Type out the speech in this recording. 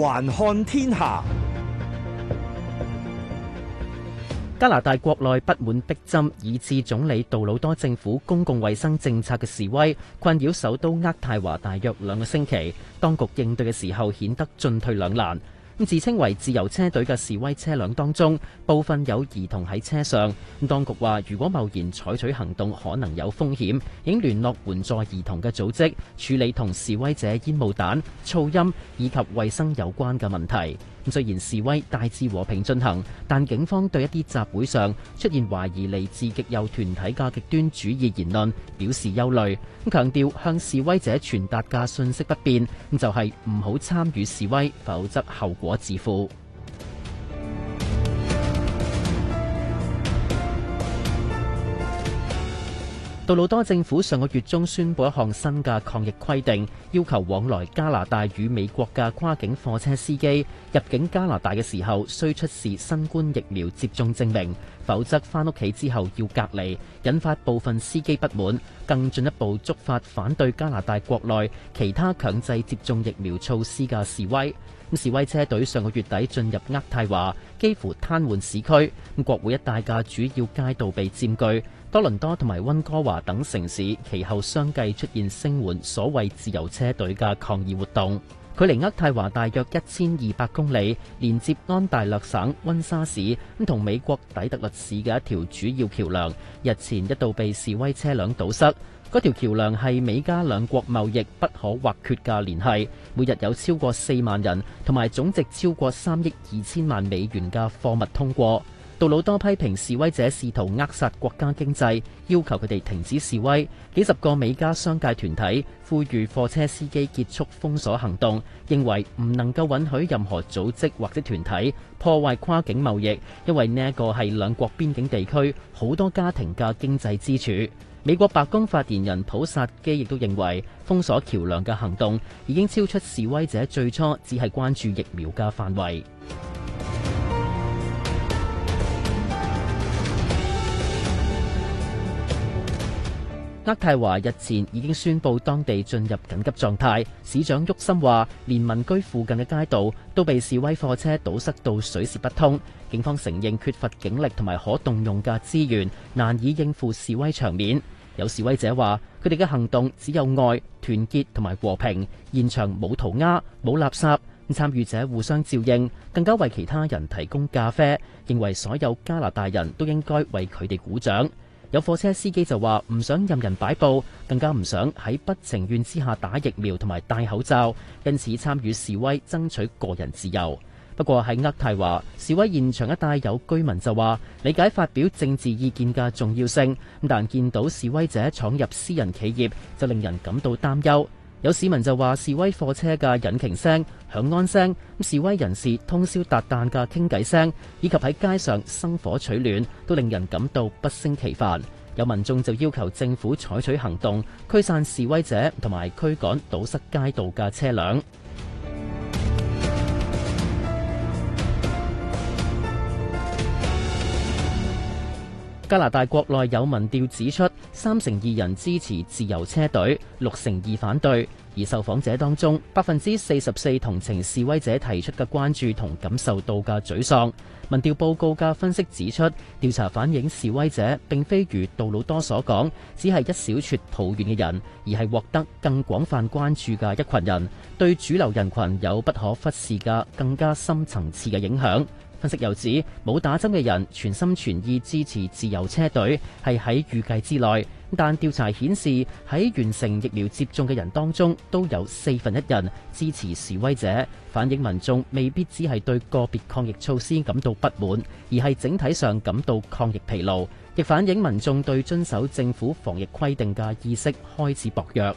環看天下，加拿大國內不滿逼針，以致總理杜魯多政府公共衛生政策嘅示威，困擾首都渥太華大約兩個星期。當局應對嘅時候，顯得進退兩難。自稱為自由車隊嘅示威車輛當中，部分有兒童喺車上。咁當局話，如果貿然採取行動，可能有風險，應聯絡援助兒童嘅組織處理同示威者煙霧彈、噪音以及衛生有關嘅問題。咁雖然示威大致和平進行，但警方對一啲集會上出現懷疑嚟自極右團體嘅極端主義言論表示憂慮。咁強調向示威者傳達嘅訊息不變，咁就係唔好參與示威，否則後果。我自負。杜魯多政府上個月中宣布一項新嘅抗疫規定，要求往來加拿大與美國嘅跨境貨車司機入境加拿大嘅時候，需出示新冠疫苗接種證明，否則翻屋企之後要隔離，引發部分司機不滿，更進一步觸發反對加拿大國內其他強制接種疫苗措施嘅示威。示威車隊上個月底進入渥太華，幾乎癱瘓市區。國會一帶嘅主要街道被佔據，多倫多同埋溫哥華等城市其後相繼出現聲援所謂自由車隊嘅抗議活動。距離渥太華大約一千二百公里，連接安大略省溫莎市，同美國底特律市嘅一條主要橋梁，日前一度被示威車輛堵塞。嗰條橋梁係美加兩國貿易不可或缺嘅聯繫，每日有超過四萬人同埋總值超過三億二千萬美元嘅貨物通過。杜魯多批評示威者試圖扼殺國家經濟，要求佢哋停止示威。幾十個美加商界團體呼籲貨車司機結束封鎖行動，認為唔能夠允許任何組織或者團體破壞跨境貿易，因為呢一個係兩國邊境地區好多家庭嘅經濟支柱。美國白宮發言人普薩基亦都認為封鎖橋樑嘅行動已經超出示威者最初只係關注疫苗嘅範圍。渥太華日前已經宣布當地進入緊急狀態，市長沃森話，連民居附近嘅街道都被示威貨車堵塞到水泄不通，警方承認缺乏警力同埋可動用嘅資源，難以應付示威場面。有示威者話：佢哋嘅行動只有愛、團結同埋和平。現場冇塗鴉、冇垃圾，參與者互相照應，更加為其他人提供咖啡。認為所有加拿大人都應該為佢哋鼓掌。有貨車司機就話：唔想任人擺佈，更加唔想喺不情願之下打疫苗同埋戴口罩，因此參與示威爭取個人自由。不過喺渥太華，示威現場一帶有居民就話理解發表政治意見嘅重要性，但見到示威者闖入私人企業就令人感到擔憂。有市民就話示威貨車嘅引擎聲、響安聲，示威人士通宵達旦嘅傾偈聲，以及喺街上生火取暖都令人感到不勝其煩。有民眾就要求政府採取行動驅散示威者同埋驅趕堵塞街道嘅車輛。加拿大國內有民調指出，三成二人支持自由車隊，六成二反對。而受訪者當中，百分之四十四同情示威者提出嘅關注同感受到嘅沮喪。民調報告嘅分析指出，調查反映示威者並非如杜魯多所講，只係一小撮抱怨嘅人，而係獲得更廣泛關注嘅一群人，對主流人群有不可忽視嘅更加深層次嘅影響。分析又指，冇打針嘅人全心全意支持自由車隊，係喺預計之內。但調查顯示，喺完成疫苗接種嘅人當中，都有四分一人支持示威者，反映民眾未必只係對個別抗疫措施感到不滿，而係整體上感到抗疫疲勞，亦反映民眾對遵守政府防疫規定嘅意識開始薄弱。